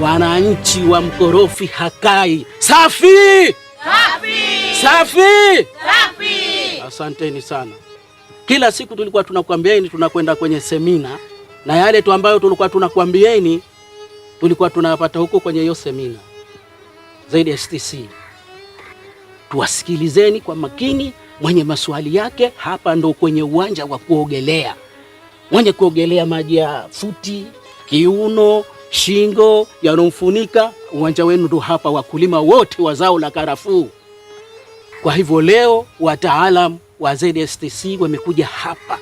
Wananchi wa mkorofi hakai. Safi! Safi! Safi! Safi! Asanteni sana. Kila siku tulikuwa tunakwambieni tunakwenda kwenye semina na yale tu ambayo tulikuwa tunakwambieni tulikuwa tunayapata huko kwenye hiyo semina zaidi ya STC. Tuwasikilizeni kwa makini. Mwenye maswali yake hapa ndo kwenye uwanja wa kuogelea, mwenye kuogelea maji ya futi kiuno shingo yanomfunika. Uwanja wenu ndo hapa, wakulima wote wa zao la karafuu. Kwa hivyo leo wataalam wa ZSTC wamekuja hapa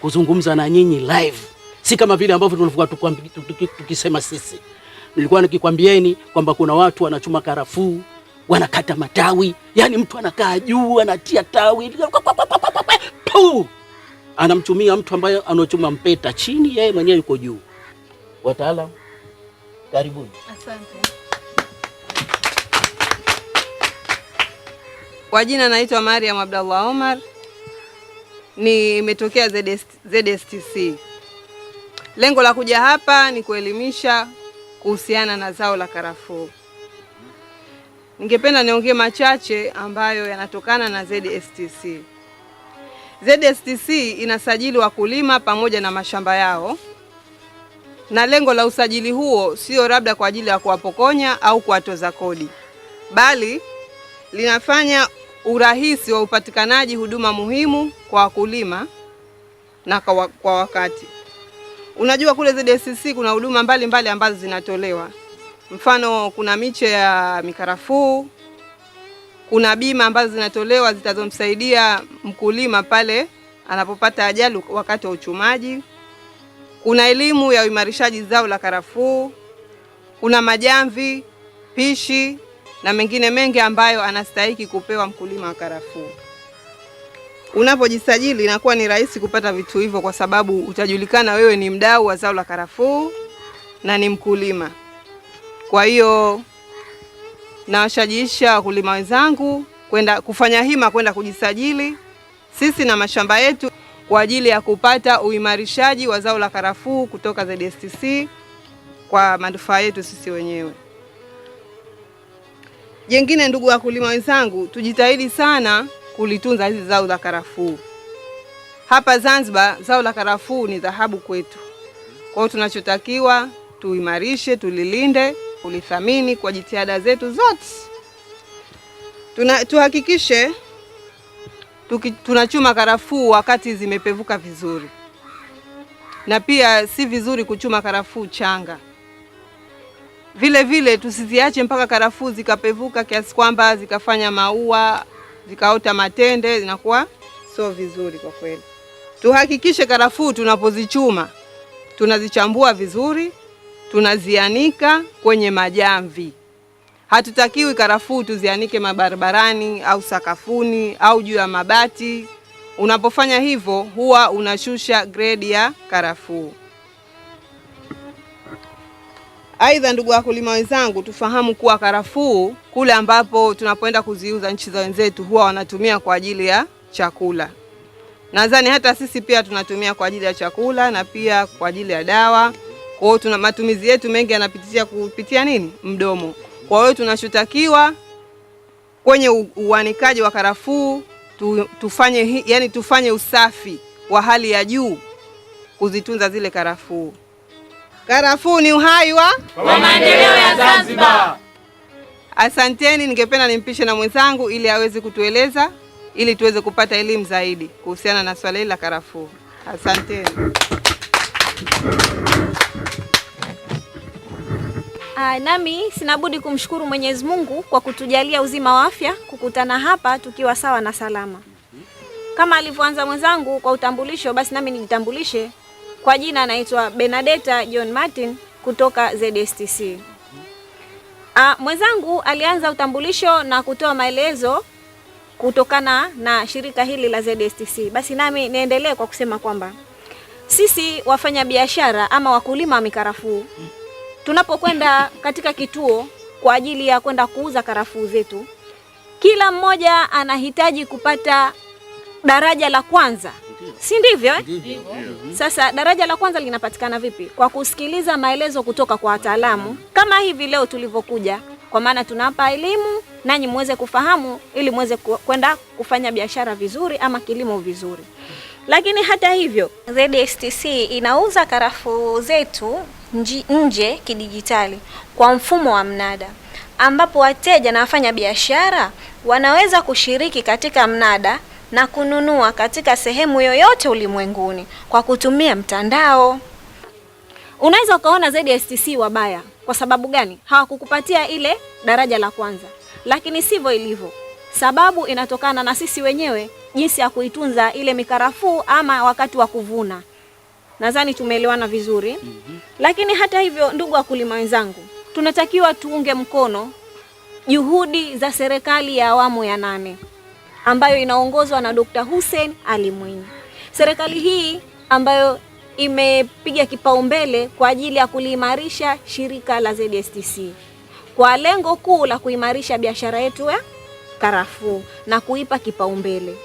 kuzungumza na nyinyi live, si kama vile ambavyo tulikuwa tukisema sisi. Nilikuwa nikikwambieni kwamba kuna watu wanachuma karafuu wanakata matawi, yani mtu anakaa juu anatia tawi anamchumia mtu ambaye anachuma mpeta chini, yeye mwenyewe yuko juu. Wataalamu Karibuni. Asante. Kwa jina naitwa Mariam Abdallah Omar, nimetokea ZSTC. Lengo la kuja hapa ni kuelimisha kuhusiana na zao la karafuu. Ningependa niongee machache ambayo yanatokana na ZSTC. ZSTC inasajili wakulima pamoja na mashamba yao na lengo la usajili huo sio labda kwa ajili ya kuwapokonya au kuwatoza kodi, bali linafanya urahisi wa upatikanaji huduma muhimu kwa wakulima na kwa wakati. Unajua kule ZSCC kuna huduma mbalimbali ambazo zinatolewa, mfano kuna miche ya mikarafuu, kuna bima ambazo zinatolewa zitazomsaidia mkulima pale anapopata ajali wakati wa uchumaji una elimu ya uimarishaji zao la karafuu, una majamvi, pishi na mengine mengi ambayo anastahiki kupewa mkulima wa karafuu. Unapojisajili inakuwa ni rahisi kupata vitu hivyo, kwa sababu utajulikana wewe ni mdau wa zao la karafuu na ni mkulima. Kwa hiyo nawashajiisha wakulima wenzangu kwenda kufanya hima, kwenda kujisajili. Sisi na mashamba yetu kwa ajili ya kupata uimarishaji wa zao la karafuu kutoka ZSTC kwa manufaa yetu sisi wenyewe. Jengine, ndugu wakulima wenzangu, tujitahidi sana kulitunza hizi zao la karafuu. Hapa Zanzibar zao la karafuu ni dhahabu kwetu. Kwa hiyo tunachotakiwa tuimarishe, tulilinde, kulithamini kwa jitihada zetu zote. Tuna, tuhakikishe tuki, tunachuma karafuu wakati zimepevuka vizuri, na pia si vizuri kuchuma karafuu changa. Vile vile tusiziache mpaka karafuu zikapevuka kiasi kwamba zikafanya maua zikaota matende, zinakuwa sio vizuri kwa kweli. Tuhakikishe karafuu tunapozichuma tunazichambua vizuri, tunazianika kwenye majamvi Hatutakiwi karafuu tuzianike mabarabarani au sakafuni au juu ya mabati. Unapofanya hivyo, huwa unashusha gredi ya karafuu. Aidha, ndugu wakulima wenzangu, tufahamu kuwa karafuu kule ambapo tunapoenda kuziuza nchi za wenzetu huwa wanatumia kwa ajili ya chakula. Nadhani hata sisi pia tunatumia kwa ajili ya chakula na pia kwa ajili ya dawa. Kwa hiyo tuna matumizi yetu mengi yanapitia kupitia nini? Mdomo. Kwa hiyo tunachotakiwa kwenye uanikaji wa karafuu tu, tufanye, yani tufanye usafi wa hali ya juu kuzitunza zile karafuu. Karafuu ni uhai wa maendeleo ya Zanzibar. Asanteni, ningependa nimpishe na mwenzangu ili aweze kutueleza ili tuweze kupata elimu zaidi kuhusiana na swala hili la karafuu. Asanteni. Uh, nami sinabudi kumshukuru Mwenyezi Mungu kwa kutujalia uzima wa afya kukutana hapa tukiwa sawa na salama. Kama alivyoanza mwenzangu kwa utambulisho, basi nami nijitambulishe kwa jina, naitwa Benadeta John Martin kutoka ZSTC. Uh, ah, mwenzangu alianza utambulisho na kutoa maelezo kutokana na shirika hili la ZSTC. Basi nami niendelee kwa kusema kwamba sisi wafanyabiashara ama wakulima wa mikarafuu tunapokwenda katika kituo kwa ajili ya kwenda kuuza karafuu zetu, kila mmoja anahitaji kupata daraja la kwanza, si ndivyo eh? Sasa daraja la kwanza linapatikana vipi? Kwa kusikiliza maelezo kutoka kwa wataalamu kama hivi leo tulivyokuja, kwa maana tunawapa elimu nanyi muweze kufahamu ili muweze kwenda kufanya biashara vizuri ama kilimo vizuri. Lakini hata hivyo ZSTC inauza karafuu zetu nje kidijitali kwa mfumo wa mnada ambapo wateja na wafanya biashara wanaweza kushiriki katika mnada na kununua katika sehemu yoyote ulimwenguni kwa kutumia mtandao. Unaweza ukaona zaidi STC wabaya. Kwa sababu gani? Hawakukupatia ile daraja la kwanza, lakini sivyo ilivyo. Sababu inatokana na sisi wenyewe, jinsi ya kuitunza ile mikarafuu ama wakati wa kuvuna nadhani tumeelewana vizuri mm -hmm. Lakini hata hivyo, ndugu wakulima wenzangu, tunatakiwa tuunge mkono juhudi za serikali ya awamu ya nane ambayo inaongozwa na Dr. Hussein Ali Mwinyi. Serikali hii ambayo imepiga kipaumbele kwa ajili ya kuliimarisha shirika la ZSTC kwa lengo kuu la kuimarisha biashara yetu ya karafuu na kuipa kipaumbele.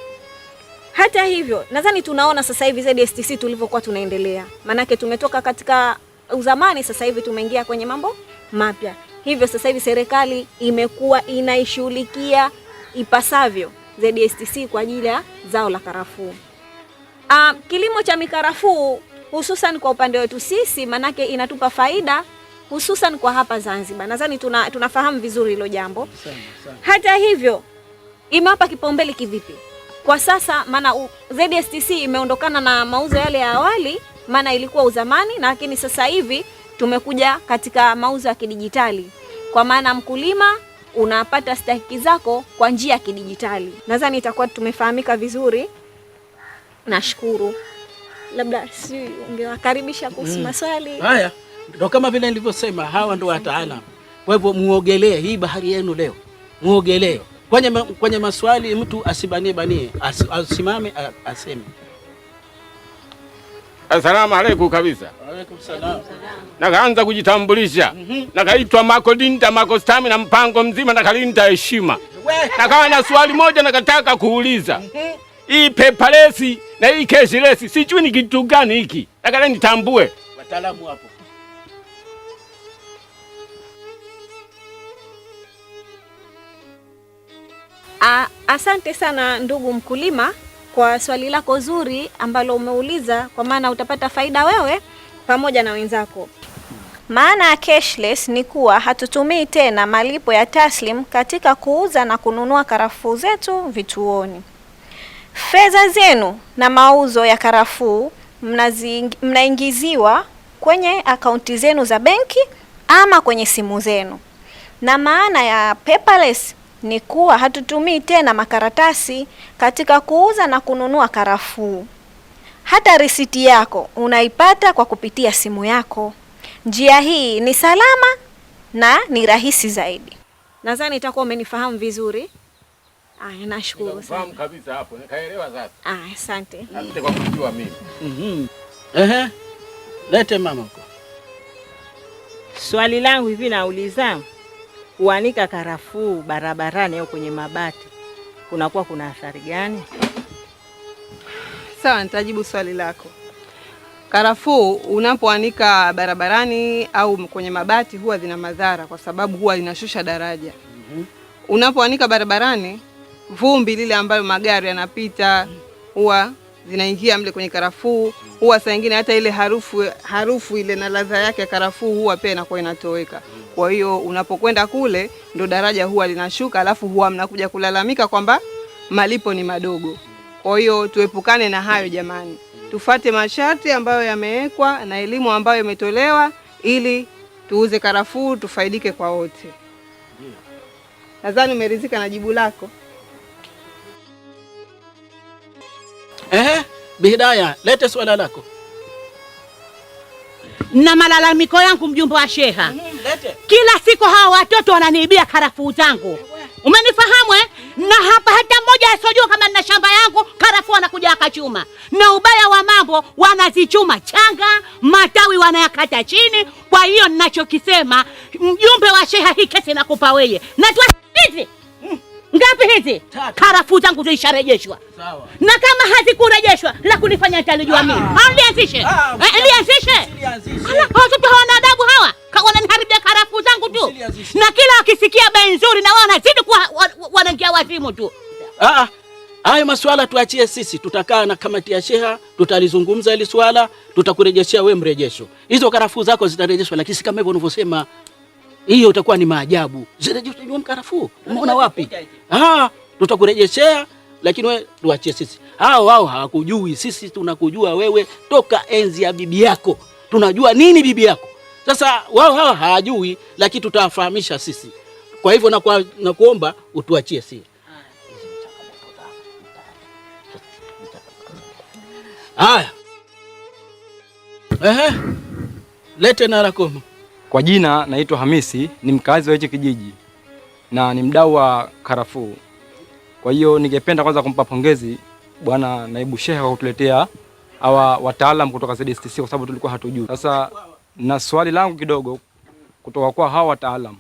Hata hivyo nadhani tunaona sasa hivi ZSTC tulivyokuwa tunaendelea, maanake tumetoka katika uzamani, sasa hivi tumeingia kwenye mambo mapya. Hivyo sasa hivi serikali imekuwa inaishughulikia ipasavyo ZSTC kwa ajili ya zao la karafuu. Uh, kilimo cha mikarafuu hususan kwa upande wetu sisi, maanake inatupa faida hususan kwa hapa Zanzibar. Nadhani tuna, tunafahamu vizuri hilo jambo. Hata hivyo imewapa kipaumbele kivipi? Kwa sasa maana ZSTC imeondokana na mauzo yale ya awali, maana ilikuwa uzamani, lakini sasa hivi tumekuja katika mauzo ya kidijitali, kwa maana mkulima unapata stahiki zako kwa njia ya kidijitali. Nadhani itakuwa tumefahamika vizuri. Nashukuru, labda si ungewakaribisha kuhusu mm. maswali haya. Ndo kama vile nilivyosema, hawa ndo wataalamu. Kwa hivyo muogelee hii bahari yenu leo, muogelee Kwenye, kwenye maswali mtu asibanie banie, as, asimame aseme Asalamu alaykum kabisa. Alaykum salam. Nakaanza kujitambulisha. Mm -hmm. Nakaitwa Mako Linda Mako Stami na mpango mzima nakalinda heshima. Nakawa na swali moja nakataka kuuliza. Mm -hmm. Hii pepalesi na hii keshilesi sijui ni kitu gani hiki. Nakala nitambue. Wataalamu hapo. Asante sana ndugu mkulima kwa swali lako zuri ambalo umeuliza, kwa maana utapata faida wewe pamoja na wenzako. Maana ya cashless ni kuwa hatutumii tena malipo ya taslim katika kuuza na kununua karafuu zetu vituoni. Fedha zenu na mauzo ya karafuu mnaingiziwa kwenye akaunti zenu za benki ama kwenye simu zenu, na maana ya paperless ni kuwa hatutumii tena makaratasi katika kuuza na kununua karafuu. Hata risiti yako unaipata kwa kupitia simu yako. Njia hii ni salama na ni rahisi zaidi. Nadhani itakuwa umenifahamu vizuri. Ah, nashukuru sana. Kabisa hapo. Nikaelewa sasa. Ah, asante. Asante kwa kujua mimi. Mhm. Ehe. Lete mama huko. Swali langu hivi nauliza kuanika karafuu barabarani au kwenye mabati kunakuwa kuna athari gani? Sawa, nitajibu swali lako. Karafuu unapoanika barabarani au kwenye mabati huwa zina madhara, kwa sababu huwa inashusha daraja. Mhm. Unapoanika barabarani, vumbi lile ambayo magari yanapita huwa zinaingia mle kwenye karafuu. Huwa saa nyingine hata ile harufu harufu ile na ladha yake ya karafuu huwa pia inakuwa inatoweka. Kwa hiyo unapokwenda kule ndo daraja huwa linashuka, alafu huwa mnakuja kulalamika kwamba malipo ni madogo. Kwa hiyo tuepukane na hayo jamani, tufate masharti ambayo yamewekwa na elimu ambayo imetolewa ili tuuze karafuu tufaidike kwa wote. Nadhani umeridhika na jibu lako. Ehe, Bihidaya, lete swala lako na malalamiko yangu, mjumbe wa sheha. mm -hmm, lete. Kila siku hawa watoto wananiibia karafuu zangu, umenifahamu eh? Na hapa hata mmoja asiojua kama nina shamba yangu, karafuu anakuja akachuma. Na ubaya wa mambo, wanazichuma changa, matawi wanayakata chini. Kwa hiyo ninachokisema, mjumbe wa sheha, hii kesi nakupa wewe na Ngapi hizi? Karafuu zangu zisharejeshwa. Sawa. Na kama hazikurejeshwa la kunifanya nitalijua ah. mimi. Alianzishe. Alianzishe. Hawana adabu hawa. Wananiharibia karafuu zangu tu. Na kila akisikia bei nzuri na wao wanazidi kuwa wanaingia wazimu tu. Ah ah. Hayo masuala tuachie sisi, tutakaa na kamati ya sheha, tutalizungumza hili swala, tutakurejeshea we mrejesho. Hizo karafuu zako zitarejeshwa, lakini si kama hivyo unavyosema hiyo itakuwa ni maajabu. Utajua mkarafuu umeona wapi? Ah, tutakurejeshea lakini wewe tuachie sisi. Hao hao hawakujui, sisi tunakujua wewe toka enzi ya bibi yako, tunajua nini bibi yako. Sasa wao hao hawajui, lakini tutawafahamisha sisi. Kwa hivyo nakuwa, nakuomba utuachie sisi. Haya, ehe, lete narakoma kwa jina naitwa Hamisi, ni mkazi wa hichi kijiji na ni mdau wa karafuu. Kwa hiyo ningependa kwanza kumpa pongezi bwana naibu shehe kwa kutuletea hawa wataalam kutoka ZSTC kwa sababu tulikuwa hatujui. Sasa na swali langu kidogo kutoka kwa hawa wataalam,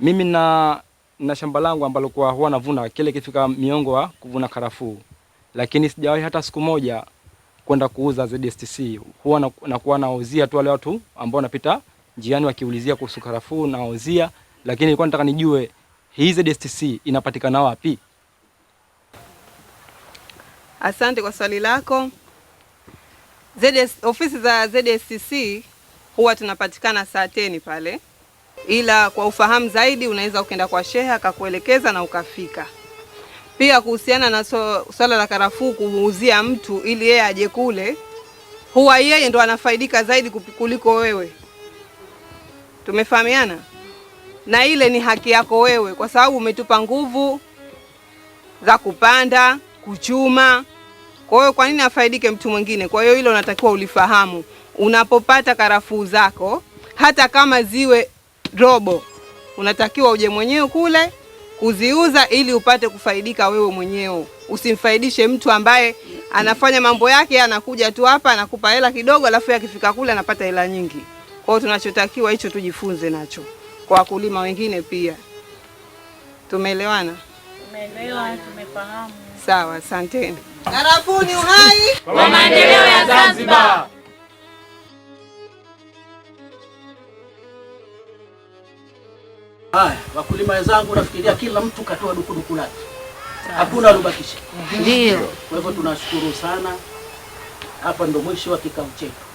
mimi na na shamba langu ambalo kwa huwa navuna kile kifika miongo wa kuvuna karafuu, lakini sijawahi hata siku moja kwenda kuuza ZSTC. Huwa nakuwa nauzia tu wale watu ambao wanapita njiani wakiulizia kuhusu karafuu na ozia, lakini nilikuwa nataka nijue hizi DSTC inapatikana wapi? Asante kwa swali lako. ZS, ofisi za ZSTC huwa tunapatikana saa teni pale, ila kwa ufahamu zaidi unaweza ukaenda kwa sheha akakuelekeza na ukafika. Pia kuhusiana na swala so, la karafuu kumuuzia mtu ili yeye aje kule, huwa yeye ndo anafaidika zaidi kuliko wewe. Tumefahamiana, na ile ni haki yako wewe, kwa sababu umetupa nguvu za kupanda kuchuma. Kwa hiyo kwa nini afaidike mtu mwingine? Kwa hiyo hilo unatakiwa ulifahamu unapopata karafuu zako, hata kama ziwe robo, unatakiwa uje mwenyewe kule kuziuza ili upate kufaidika wewe mwenyewe. Usimfaidishe mtu ambaye anafanya mambo yake, anakuja tu hapa anakupa hela kidogo, alafu akifika kule anapata hela nyingi. Kwa hiyo tunachotakiwa hicho tujifunze nacho kwa wakulima wengine pia. Tumeelewana? Tumeelewa, tumefahamu. Sawa, asanteni. Karafuni uhai kwa maendeleo ya Zanzibar. Haya, wakulima wenzangu, nafikiria kila mtu katoa dukuduku lake, hakuna alobakisha. Ndio. Kwa hivyo tunashukuru sana. Hapa ndo mwisho wa kikao chetu.